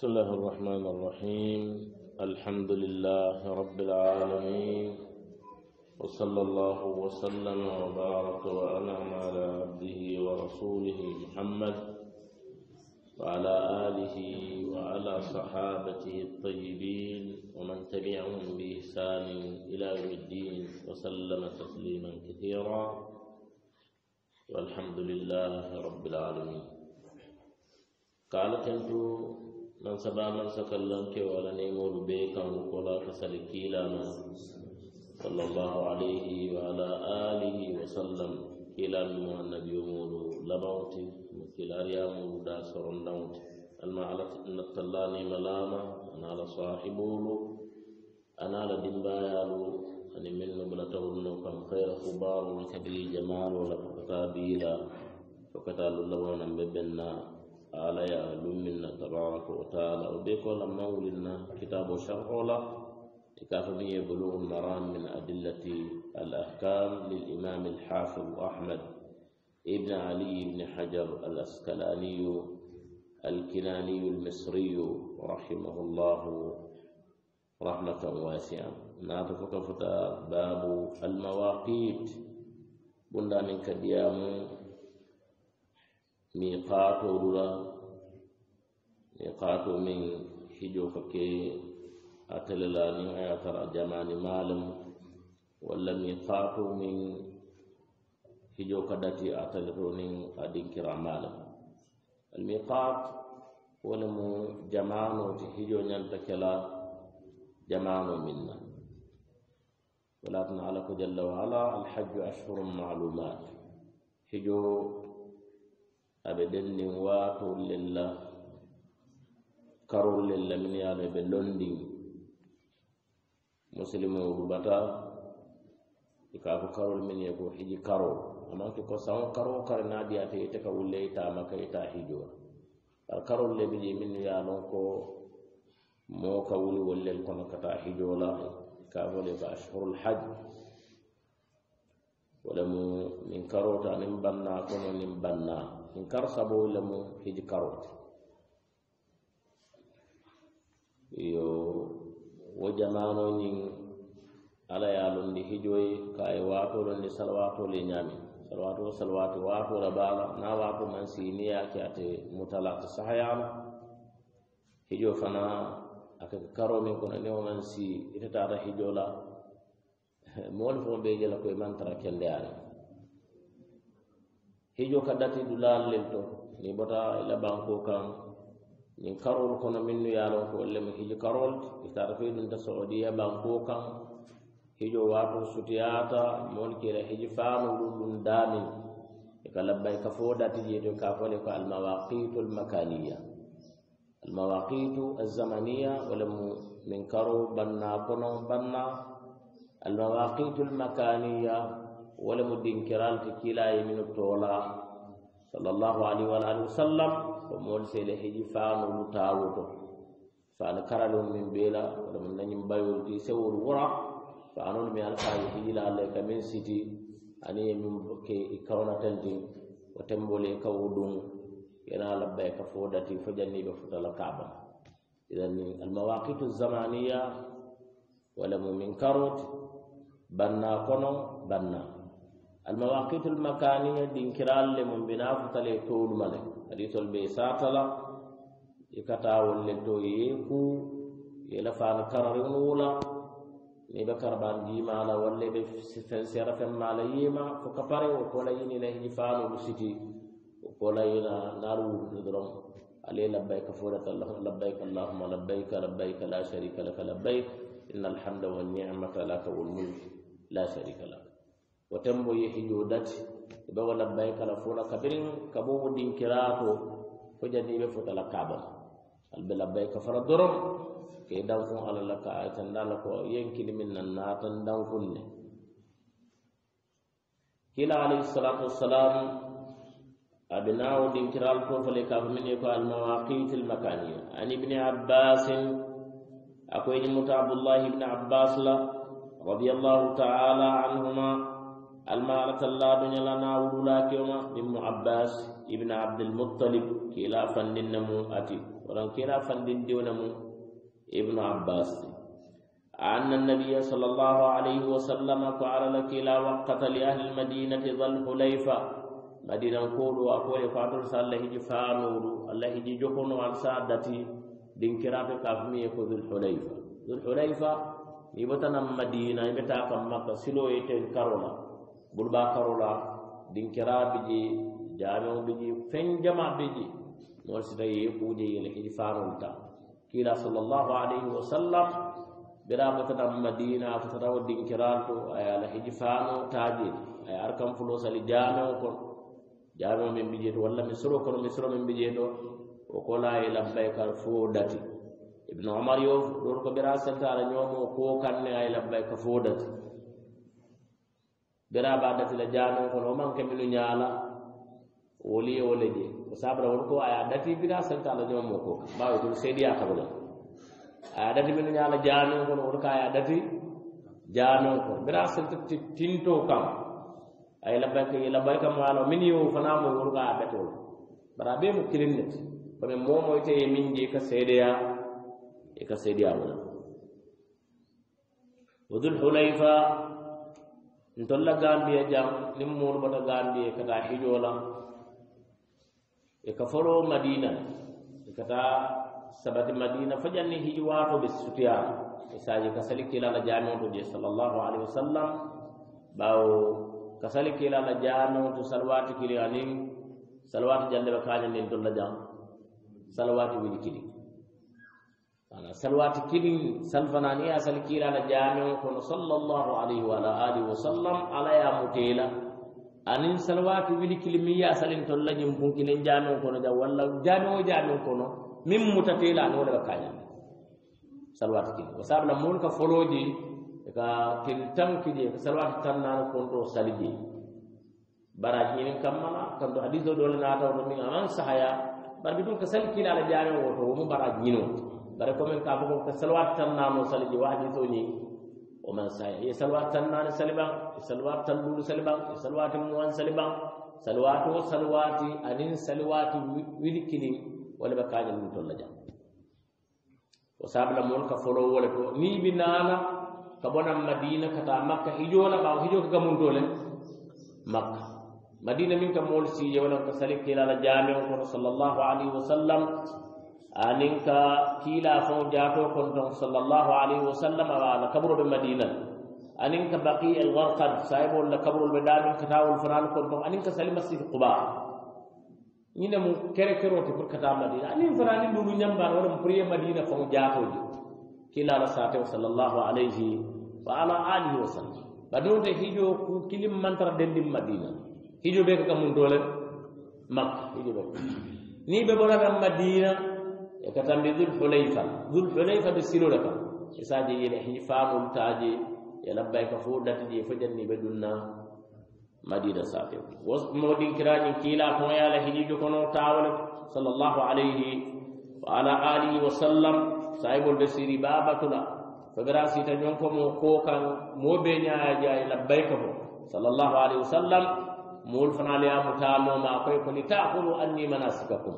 بسم الله الرحمن الرحيم الحمد لله رب العالمين وصلى الله وسلم وبارك وانعم على عبده ورسوله محمد وعلى اله وعلى صحابته الطيبين ومن تبعهم باحسان الى يوم الدين وسلم تسليما كثيرا والحمد لله رب العالمين قالت كنت nan saba man sakallanke wala nemolu be kangu kola kasali kilama صلى الله عليه وعلى آله وسلم كلا من النبي مولو لبوت كلا يا مولو دا سرون نوت الما على ان الطلاني ملامة انا على صاحب مولو انا على دمبا يا ان من بلا تورنو كم خير خبار وكبير جمال ولا فكتابيلا فكتابيلا ولا نبي على يا لمن تبارك وتعالى وديك ولا مولنا كتاب شرح ولا كافمية بلوغ المرام من أدلة الأحكام للإمام الحافظ أحمد ابن علي بن حجر الأسكلاني الكناني المصري رحمه الله رحمة واسعة نعرف كفتا باب المواقيت بندا من كديامو ميقاتو ورورا ميقاتو من حجو فكي أتلالا نمعي أترى جماني مالم ولا ميقاتو من حجو كدتي أتلروني أدين كرا مالم الميقات ولم جمانو تحجو نمتكلا جمانو منا ولكن على جل وعلا الحج أشهر معلومات حجو aɓe ɗennin waatorlella karorlella min yaano ɓe londin musilimu rubata e ka ko karol min ye ko hiji karol amanke ko sawo karo kare naadiyate ite ka wulle itama e ka ita e hijoo ar karol le biji min ya non ko moo ka wuli wollel kono kata hijoola ka fole ko ashhurul hajj wala mu min karota nin banna kono nin bannaa in kar saboo lemu hiji karoti iyo wo jamano ñin ala ye londi hijoyi ka ye waatolo ni salawatole ñami salawato salawati waatola baala na waato man si ni yake ate mutalata sahayano hijo fana aka karo min kono ni o man si itetata hijo la moolu fo be jela koye mantara kendeyani hijo ka dati du laallel to ni bota i labanko kan ñiŋ karoolu kono miŋ nu ye a loŋ ko wolu lemu hiji karoolu ti i sa ata fo i dunta sodiya banko kaŋ hijo waato sutiyaata moolu ke i la hiji faanolu duŋ daamiŋ i e ka labbaŋ i ka fo dati jee to i e ka a fo le ko almawaqitu almakaniya almawaqitu alzamaniya wo lemu niŋ karoo bannaa kono banna almawaqitu almakaniya wala mu dinkiral ti kila yi minu tola sallallahu alaihi wa alihi wasallam ko mol se le hiji fa no mutawuto fa an karalum min bela wala min nanyim bayul di sewul wura fa anul mi al fa hiji la le kamin siti ani e min ke ikawna e tan din wa tambole e kawudum yana labbay ka fodati fajanni be futal kaaba idan ni al mawaqitu zamaniya wala mu min karut banna kono banna المواقيت المكانية دينكرال لمن بنافو تلي تول ملك حديث البيسات لا اللي لتويكو يلفع الكرر نولا نيبا كربان جيما لا ولا بفنسير فن ماليما فكبر وقول ايني له جفال ومسيتي وقول اينا نارو ندرم علي لبيك فورة الله لبيك اللهم لبيك لبيك لا شريك لك لبيك إن الحمد والنعمة لك والملك لا شريك لك wotenmo yehi jodati e ɓewo labbay kala fona kabirin kaɓomo dinkirato ko jandiɓe fotala kabal alɓe labbay ka fara dorom ke danfun alalah ka tandala ko yenkini min nan natan danfunne kila alayhi salatu wassalam abinawo dinkiral tofale kafa min e ko almawaqit almakania an ibni abbasin akoyni muta abdullahi ibni abbas la radiallahu taala anhuma المارة الله دنيا لنا ورولا كيوما ابن عباس ابن عبد المطلب كلا فندن نمو أتي ولن كلا فندن ديو نمو ابن عباس أن النبي صلى الله عليه وسلم قال لك لا وقت لأهل المدينة ظل حليفة مدينة نقول وأقول فاتر صلى الله فانور الله وعن سادتي دين كرافي كافمي ذو الحليفة ذو الحليفة يبتنا مدينة يبتا كم مكة سلو يتن كرولا bulbakarola dinkera biji jamio biji fen jama biji won si tawi kuje yele kidi farolta kila sallallahu alayhi wa sallam bira ma tata madina ko tata wa dinkera to ay ala hiji faano taaji ay arkam fulo sali jamio ko jamio men biji to walla mi soro ko mi soro men biji do o ko e la ila baykar fo dati ibnu umar yo do ko bira sentara nyomo ko kanne ay labbay ka fo dati biraba da sila jano ko no man kamilu nyala woli e wole je ko sabra won ko aya dati bida santa la jomo ko bawo dum sedi ya tabula aya dati min nyala jano ko no ka aya dati jano ko bira santa tinto kam ay la bank yi la bank ma no min yo fana mo won ka dati wol bara be mo kilin net ko men mo mo te min je ka sedi ya e ka sedi ya wala Wadul Hulaifa ntolla gambiya jam nin mun bota gambiya kata hijolam e ka e foro madina e kata sabati madina fo janni hijiwato be sutiya e saji kasali kilala jamiwoto je sallallahu alaihi wasallam bawo kasali kilala jamiwoto salwati kili anin salwati jalle ba kaña nin tolla jam salwati wili kili ana salwati kini salfanani ya sal kila na jami ko no sallallahu alaihi wa alihi wa sallam ala ya mutela anin salwati wili kilmi ya salin to la nyum bunki ne jami ko no da walla jami o jami ko no min mutatela no da kanya salwati kini wa sabla mun ka foloji ka kin tanki je salwati tanna ko to salije bara hinin kammana kan do hadiso do na tawo min an sahaya bar bidun ka sal kila la jami o to mun bara jino bare komin ka bogo ka salwat tan nano salji wadi to ni o man saya ye salwat tan nano saliba e salwat tan dulu saliba salwat mu wan saliba e salwato salwati anin salwati wilkini wala ba kaje mu to laja o sabla mon ka folo wala to ni binana ka bonan madina ka ta makka hijona ba hijo ka gamun dole makka madina min ka mol si yewala ka salik kila la jami'u sallallahu alaihi wasallam anin ka kiila foŋ jaato kontoŋ salallahu alayhi wa sallam awa la kaburo ɓe madina anin ka baki alwarkad sahibol la kaburol ɓe ɗamin katawol fanal kontoŋ anin ka sali masidi quba ñine mu kere keroti pour kata madina anin fanani ndunu ñambar wara mo pourye madina foŋ jaatoje kiilala satew salallahu alayhi wa ala alihi wa sallam badunte hijo ku kilim mantara dendin madina hijo ɓe ka gamum dole makka hijo ɓe ni ɓe ɓonaɓe madina يكتم ذو الحليفة ذو الحليفة بالسنو لك يسادي يلحي فام التاجي يلبي كفور لتدي فجن بدنا مدينة ساتب ومودين كراني كيلا كويا لحيدي جكونا تاول صلى الله عليه وعلى آله وسلم صاحب البسيري باباتنا فبراسي تجنكم وقوكا موبينا يجا يلبيكم صلى الله عليه وسلم مولفنا لأمتامو ما قيكم لتأخذوا أني مناسككم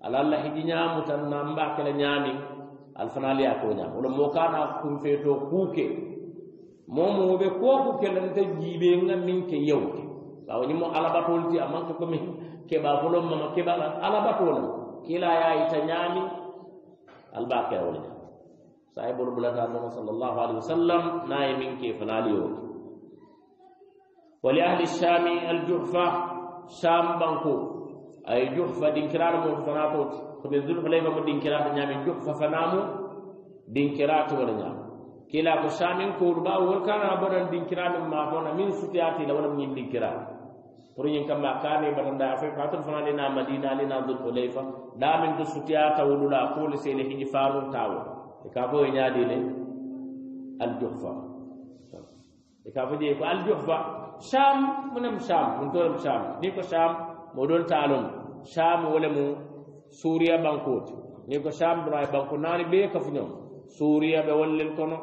ala la hiji ñaamu tan namba ke la ñaami al fana liya ko ñaam wala mo kana kun feto kuke mo mo be ko ko ke lan ta jibe nga min ke yow ke baw ni mo ala batol ti amma ko mi ke ba bolom ma ke ba ala batol ke la ya ita ñaami al ba ke wala ñaam sai bol bula ta mo sallallahu alaihi wasallam nay min ke fana liyo wali ahli shami al juhfa sham banko ay juhfa dinkiraɗo mo fanatoti koɓe zulhulayfa mo dinkirato ñaami juhfa fanamo dinkirato wona ñaama kila ko samin kowru ɓawo won kana boɗan dinkiramin matona min sutiyatila wona min dinkiraɗo pour ñin kamma kane batanda fe fatul fana lena madina lena zulhulayfa ɗamin to sutiyata wulula kole sele hiƴi famu tawo e ka fo e ñaadile aljuhfa e ka fo jeeyi ko aljuhfa sham munem sham mun torem sham ni ko sham modol taalon sham wole mu suriya bankoti ni ko sham bra banko nani be ka fino suriya be wolle kono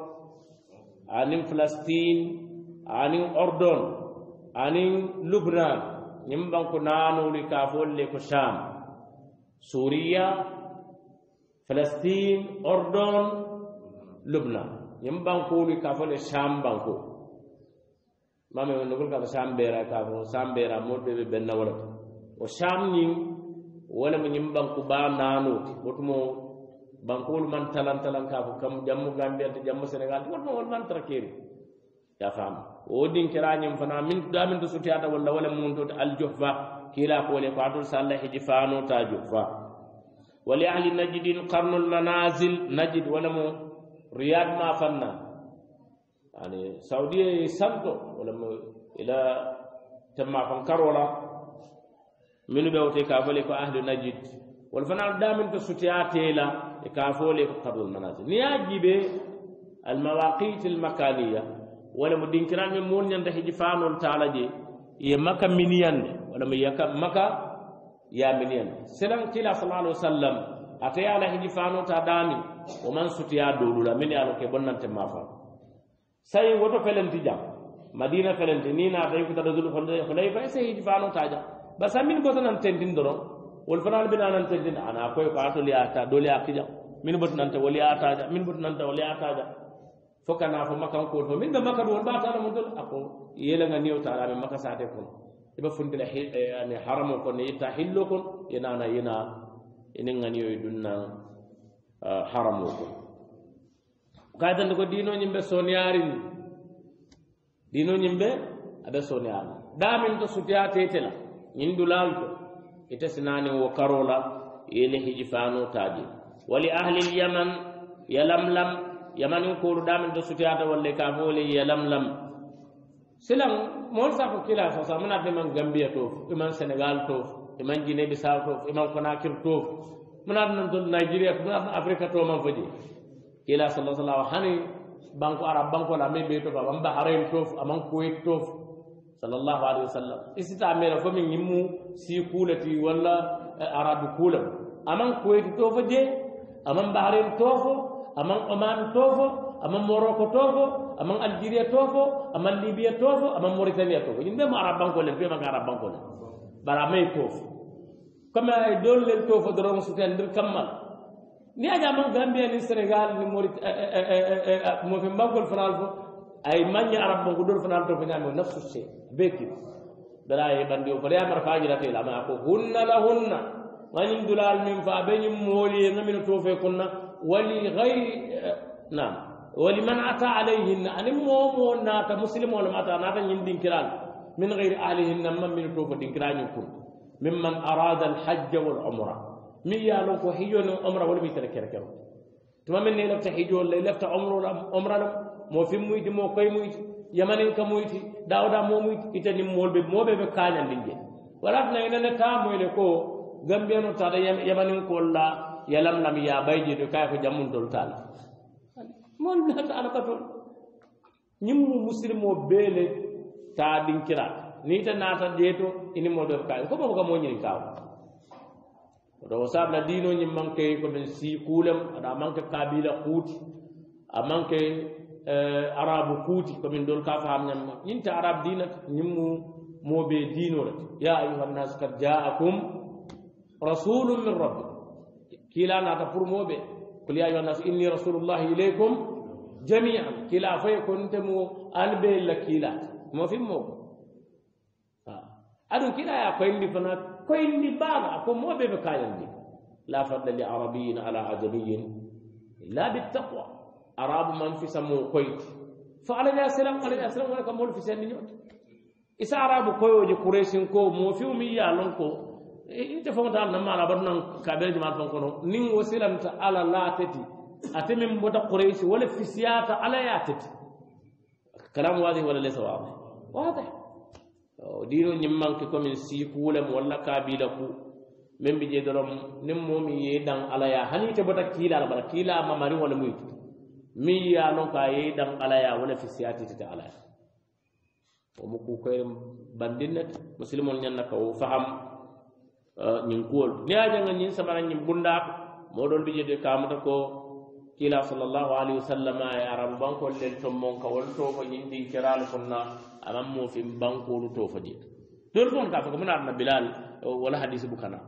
anin falastin anin ordon anin lubnan nim banko nano ni ka folle ko sham suriya falastin ordon lubnan nim banko ni ka folle sham banko mame no gol ka sham bera ka sham bera modde be benna wolato o samnin wolemo ñiŋ banku bandano ti wotumo bankuwolu maŋ talan talan kafo kam jammu gambiya ti jammu senegal ti wotumo wolu maŋ tara keeri yafaama wo din kera ñiŋ fana min damin to sutiyata walla wole munto ti aljofa kiila koole ko atol sa alla hiji faano ta jofa wali ahli najidin karnul manazil najid wolemo riyad ma fanna ani saudiya e santo wolemo ila temma fan karola minnu be wote ka fole ko ahlu najid wala fana da min to sutiya tela e ka fole ko qadru al manazil ni ajibe al mawaqit al makaniya wala mo dinkiran mi mon nyanda hiji fanon taala je ye makka miniyan wala mo yakka makka ya miniyan selam tila sallallahu alaihi wasallam ata ya la hiji fanon ta dami o man sutiya dolula min ya ke bonnan te mafa sai woto pelen tija madina pelen ni na tay ko tadzul khulayfa sai hiji fanon ta ja basa min bota nan tendin doro wol fanal bina nan tendin ana ko ko atoli ata doli akija min bota nan ta woli ata da min bota nan ta woli ata da foka na fo makan ko fo min da makan wol bata na mudul ako yela nga niota ala min makasa de ko ibe e fundi la e, ani haramo ko ni ta hillo ko ina na ina enen ngani yoy e dunna haramo ko kaidan ko dino nyimbe soniyarin dino nyimbe ada soniyar damin to sutiya tetela indulalto ite e sinani wo karola yene hiji fano taji wali ahli lyaman yalamlam yamanin koru damin da suti ata walle ka fole yalamlam silan mol sa ko kila sa samuna de man gambia to e man senegal to e man gine bi sa to man konakir to muna nan to nigeria muna africa to man fodi kila sallallahu alaihi wasallam hani banko arab banko la me be to ba bamba harim to aman kuwait to sallallahu alaihi wasallam isita mera ko min nimmu si kulati walla arab kulam aman kuwait to fo je aman bahrain to fo aman oman to fo aman morocco to fo aman algeria to fo aman libya to fo aman mauritania to fo ñin ɓe mo arab banko len ɓe maga arab banko len bara may to fo comme ay dol len to fo doron suten ndir kammal ni aja man gambia ni sénégal ni maurit mo fe mbangol fanal fo اي من يعرف من قدر فنان تفنى من نفس الشيء بك بلا يبن ديو فلا يمر فاجرة إلا ما أقول هن لهن ونين دلال من فابين مولي نمين توفيقن ولغير نعم ولمن أتى عليهن أن مومو نات مسلم ولم أتى نات يندين كران من غير أهلهن من من توفيقن كران يكون ممن أراد الحج والعمرة من يالوك وحيون عمره ولم يترك كركبه تمام إني لفت حجون لفت عمره عمره mo fim muyti mo koye muyti yamanin ka muyti dawda mo muyti itani moolɓe moɓe ɓe kañandi je walat nayinane tamoyle ko gambiyano tada yamanin kolla yalam lam yaɓayje ɗo kaya ko jammuntol tala molnata alaka toon ñimmu musilmo beele ta ɗinkira niita naata ƴee to ini moolɓe ko kañan komo koka moñini kawa oto o sabla diinoñin manque ko men si kuulem aɗa manque kabila kuuti a manque arabu ko min dol ka faham ñamma ñinta arab dina ñimmu dino dinorete ya ayyuhan nas kad jaakum rasulun min rabb kila ta pur mobe kul ya ayyuhan nas inni rasulullah ilaykum jamian kila foye konte albe lakila mo fim mo adu kila ya indi fana indi baba ko moɓe ɓe kayandi la fadli arabiyin ala ajamiyin la taqwa arabu man fisa mo koyti fo alaniya silam alaniya silam wona ka mol fisandi ñoto isa arabu koyoje kouraysin ko mo fiw mi yiya lon ko e, inte fonta al namma ala bat nan kabel jumal fon kono nin wo silanta ala latati atemin bota kouraysi wala fisiyata ala ya tati kalam wadi wala lesa wadi wadi o diro nyimman ke komi si kuule mo wala kabila ku men bi je dorom nim mo mi yedan ala ya hanite bota kila ala bara kila mamari wala muyti min ye a lon ko a ye i daŋ ala ye a wo le fisiyaatiti ti ala ye wo mu kukoyi bandin ne ti musilimolu ñaŋ na ka wo faham eh, ñiŋ kuwolu niŋ a jaŋa ñiŋ samara ñiŋ bundaako moo doon bije de kaamata ko kiila salallahu alayhi wasallam a ye arabu bankolu lel tonboŋ ka wolu toofo ñiŋ dinkeraalu fonna a maŋ moofiŋ bankoolu toofo di doolu fomu ka a fo ko mu naata na bilaal wala hadisi bukana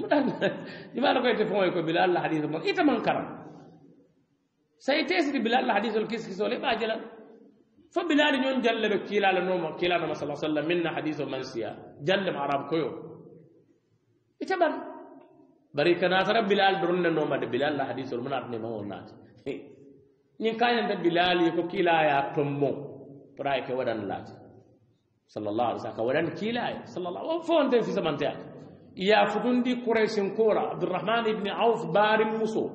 mu daa imaata koyete foŋo ye ko bilaal la hadisi bukana ite maŋ karaŋ سيتيس دي بلال الحديث الكيس كيس ولي باجلا فبلال نون جلب كيلا لنوم كيلا ما صلى الله عليه منا حديث منسيا جلب عرب كيو يتبن بري كنا ترى بلال درن نوم دي بلال الحديث من ابن ما هو ناس نين كان ده بلال يكو كيلا يا تمو براي كي ودان لات صلى الله عليه وسلم ودان كيلا صلى الله عليه وسلم في زمان تاع يا فتون دي قريش كورا عبد الرحمن بن عوف بارم مصور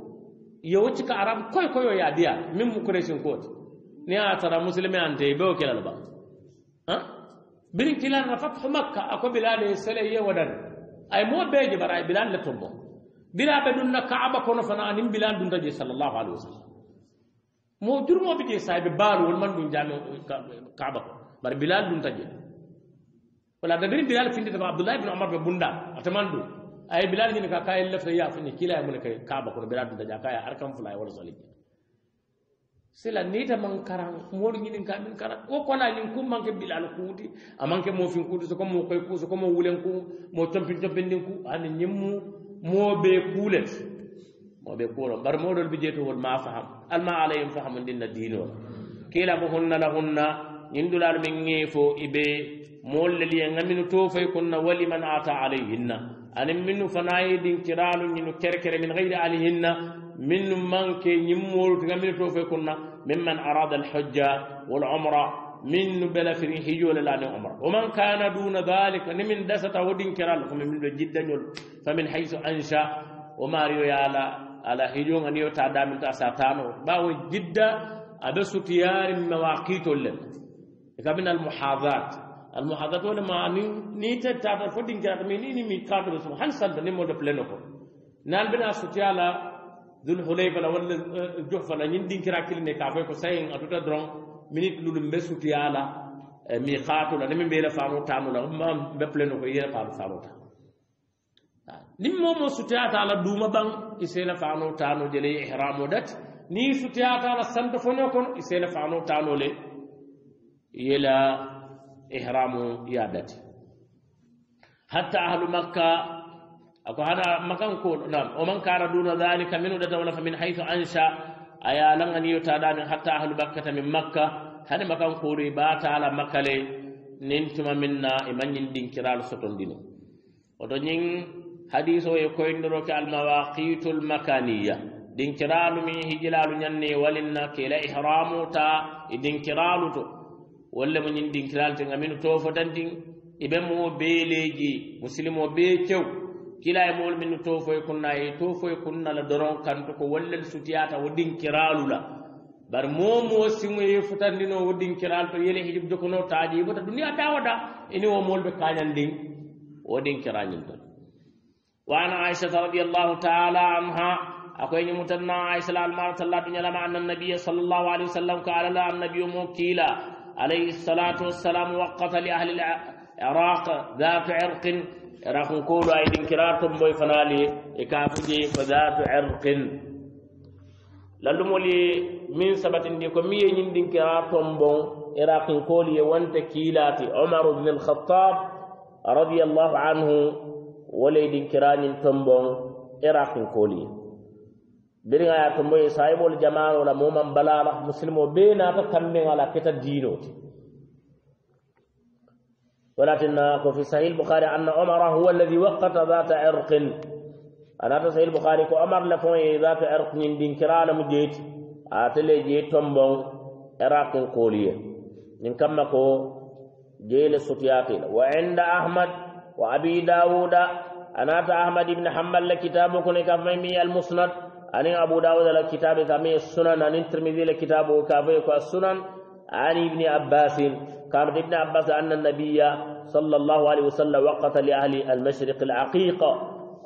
yewocci ka arabe koy koyo ya diya min mu kouraysin kooti ni a tara musilime ante i bewo kilal ba birin kilal na fatu makka ako bilade sele ye wadan ay mo beje bara ay bilal le tombo bila be dun na kaaba kono fana anim bilal dun taje sallallahu alaihi wasallam mo jurmo bi je say be balu wol man dun jame kaaba bar bilal dun taje wala da birin bilal finde da abdullah ibn umar be bunda atamandu ay bilal ñin ka kay lefre ya fini kila mun kay ka ba ko bilal da jaka ya arkam fulay wala soli sila nita man karan mor ñin ka min kara ko kona ñin kum man ke bilal kuuti aman ke mo fin kuuti so ko mo koy ku so ko mo wulen ku mo tompi tompi ndin ku an ñim mu mo be kulet mo be ko bar mo dol bi jeto won ma faham al ma alayhim faham din na dino kila bo hunna la hunna ñin dulal min ngefo ibe mo lelie ngamino to fay kunna wali man ata alayhinna anin minnu fana ye din kiralu ñinu kerekere min gayri alihinna minnu manke ñin moolu tiga minu to fe kunna mimman arada alhujja walumra minnu bela firin hijole la ni umra waman kana duna dhalika ni min dasata wo din kiralu fami min ɓe jiddañol famin haysu ancha o mario ya ala ala hijonga ni yo ta daminta sa tano ɓawo jidda aɓe sutiyarin mawaqitol len e kabina almuhadat almohadatole ma ni ni te tata fodinkirata mi ini mi kadre sum han sadda ni mode pleno ko nan bena sutiya la dul hulayfa la walla eh, juhfa la nyin dinkira kilne ka fay ko sayin atuta drong minit lulum be sutiya la eh, mi khatu la nemi bela faamu tanu la ma be pleno ko yera faamu faamu ta ah, nim momo sutiya ta la duma bang isela faamu tanu jeli ihramu dat ni sutiya ta la sante fonyo kon isela faamu tanu le yela ihramu yadati hatta ahlu makka ako hana makan ko nam o man kara duna dhalika min udata wala fa min haythu ansha aya lan an yuta dani hatta ahlu makka ta min makka hani makan ko ri ba ta ala makka le nin tuma minna e manyin din kiral soton dino o to nyin hadiso e ko indoro ke al mawaqitul makaniya din kiralu mi hijilalu nyanne walinna ke la ihramu ta e din kiralu to walla mo ñin ɗinkiralte amin tofotan ɗin iɓe moo beeleji musilime o ɓee tew kila e mool min tofo e kunna e tofo e kunnala doron kanto ko wallel sutiyata wo ɗinkiralula bar moo moo simo ye futandino wo ɗinkiral to yele hijib jokono taaji ibota e duniya tawada ini wo mool ɓe kañan ɗin wo ɗinkirañin ton waana aichata radiallahu taala anha akoye ñimutanna aicha la almaratalla ɗo ñalama annannabia sallllahu alih wa sallam ko alala annabi o mo kiila عليه الصلاة والسلام وقف لأهل العراق ذات عرق عراق نقول أي دنكرار تنبوي فنالي إكافجي فذات عرق للمولي من سبت ديكو مية نين دنكرار تنبوي عراق نقول يوانت كيلاتي عمر بن الخطاب رضي الله عنه ولي دنكران تنبو عراق نقول بيرغا يا تمي صاحب الجمال ولا مومن بلالا مسلم بينا كتمين على كتا دينو ولكن في صحيح البخاري ان عمر هو الذي وقت ذات عرق انا صحيح البخاري كو عمر لفوي ذات عرق من دينكرا لمجيت اتلي جي تومبون عراق كوليه من كما كو جيل سوتياتي وعند احمد وابي داوود انا احمد بن حنبل كتابه كن كفمي المسند أني أبو داود على كتاب كامي السنن أني الترمذي على كتابه كافي السنن عن ابن عباس كان ابن عباس أن النبي صلى الله عليه وسلم وقت لأهل المشرق العقيقة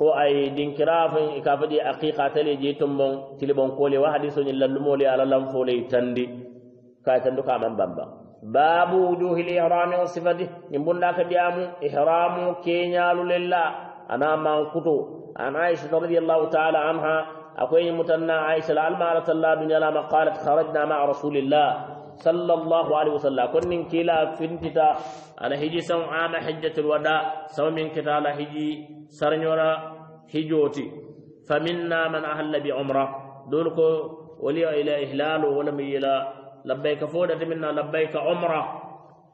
هو أي دينكراف كافي دي عقيقة تلي جيتم بون تلي بون كولي واحد يسون إلا نمولي على لنفولي تندي كاي تندو كامن بامبا باب وجوه الإحرام وصفته يمبون لك بيامو إحرام كينيال لله أنا ما أنا عائشة رضي الله تعالى عنها أكوين متنا عائشة العلمة على الله بن يلام قالت خرجنا مع رسول الله صلى الله عليه وسلم كن من كلا فنتتا أنا هجي سو عام حجة الوداء سو من كتا هجي سرنورا هجوتي فمنا من أهل بعمرة دولك ولي إلى إهلال ولم إلى لبيك فودة منا لبيك عمرة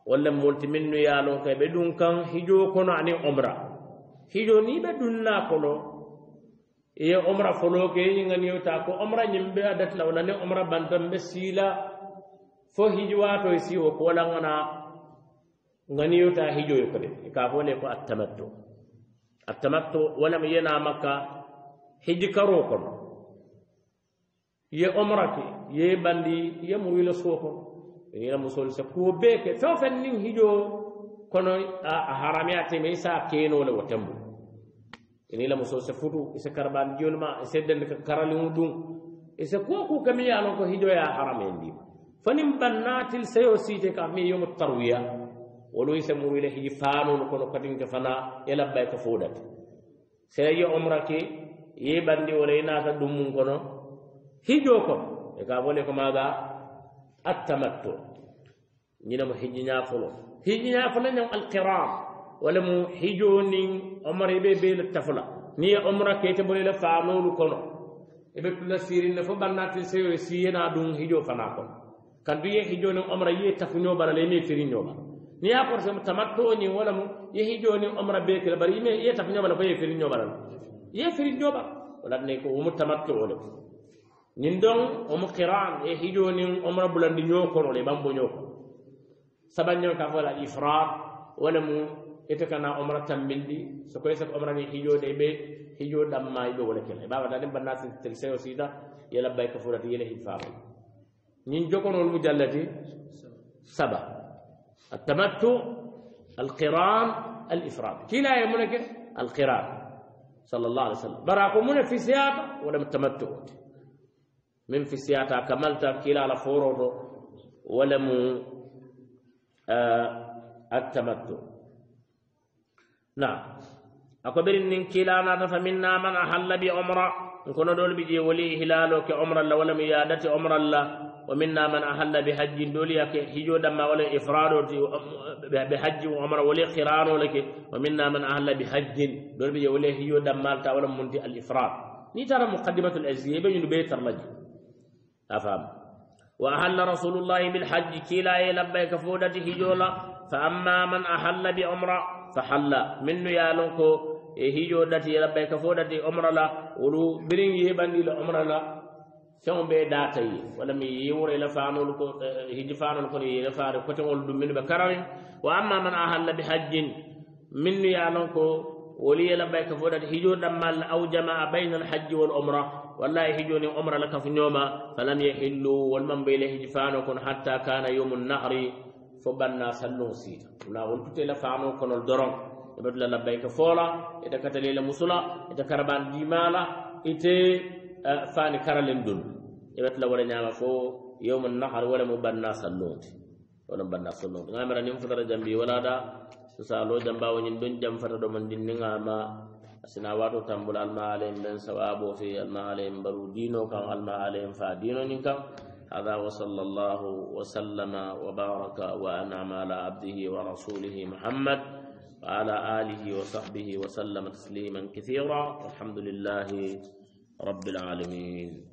ولم ولا منه يا لوك بدون كان هجو عن عمرة هجوني ني بدون ناكلو i ye omra folo ke i ŋani yo ta ko omra ñiŋ be a dati la wo la ni omra banta n be sii la fo hijiwaato i si wo ko la ŋana ŋani yo ta hijo yo kodi i ka fo le ko attamatto attamatto wo lem ye na makka hijikaro kono ye omra ke ye bandi ye muyilo soo kono ni la musol sa ko be ke fa fa nin hijo kono a harami ate me sa ke no le wotambo ene la muso se futu ise karban jolma ise den karali mutun ise ko ko kami ya lon ko hijo ya haramendi fanim bannatil sayo site ka mi yom tarwiya wolo ise mu ile hiji fanu ko no kadin ka fana ela bay ka fodat sey yo umra ke ye bandi wala ina ta dum ko no hijo ko e ka bole ko maga at tamattu ñina mo hiji nya fulo hiji nya fulo ñam al qiram wala mu hijo nin omar ibe be le tafula ni omra kete bole le faanolu kono ibe tula sirin ne fo bannati seyo siyena dun hijo fana kono kandu ye hijo nin omra ye tafuño bala le ne firiño bala ni ya por sama tamatto ni wala mu ye hijo nin omra be kala bari ime ye tafuño bala ko ye firiño bala ye firiño bala wala ne ko mu tamatto wala ñin don omo qiran ye hijo nin omra bulandi ño kono le bambo ño kono sabanño ka fola ifrat wala mu ite kana omra tambindi so ko koye sako omrani hijode ɓe hijo ɗamma ɓe wona kela da tanen banna tel seyo sida yela bay ka furati yela hit ni ñin jogonol mu jallati saba التمتع القران الافراد كلا يمنك القران صلى الله عليه وسلم براكم من في سياق ولم التمتع من في سياق كملت كلا لفورو ولم آه التمتع نعم أكبر إن كلانا فمنا من أحل بعمرة نكون دول بجي ولي هلالو كعمرة لا ولا ميادة عمرة لا ومنا من أحل بحج دولي هجو دما ولا إفراد بحج وعمرة ولي قران لك ومنا من أحل بحج دول بجي ولي هجو دما ولا منتي الإفراد ني ترى مقدمة الأجزية بين بيت الرجل أفهم وأحل رسول الله بالحج كلا لبيك فودته جولا فأما من أحل بعمرة فحل منو يالونكو هيجو داتي ربك فو داتي عمر لا ولو برين يهبني لعمر لا فهم بداتي ولم يور إلى فانولكو هيج فانولكو إلى فارو كتوم الدمين بكرم وأما من أهل بحج منو يالونكو ولي ربك فو داتي هيجو دم لا أو جمع بين الحج والعمرة والله يهجوني عمر لك في يوم فلم يحلوا والمن بيله حتى كان يوم النهر fo banna salloŋo siita wuna wontute la faanoo konol doroŋ ebatu la labbayka foola ite e katale la musula ite e karabaan diimaala ite e eh, faani karaleŋ dolu ebatu la wala ñaama fo yowmu nahar wala mu banna salloŋo ti wala mu banna salloŋo ti ŋa mara niŋ fatara jambi wala da susaalo jambaawo ñiŋ doŋ jam fata domoŋ dinniŋa ma asina waato tambula alma alayim beŋ sawaaboo fe alma alayim baru diinoo kaŋ alma alayim faa diino ñiŋ kaŋ هذا وصلى الله وسلم وبارك وأنعم على عبده ورسوله محمد وعلى آله وصحبه وسلم تسليما كثيرا والحمد لله رب العالمين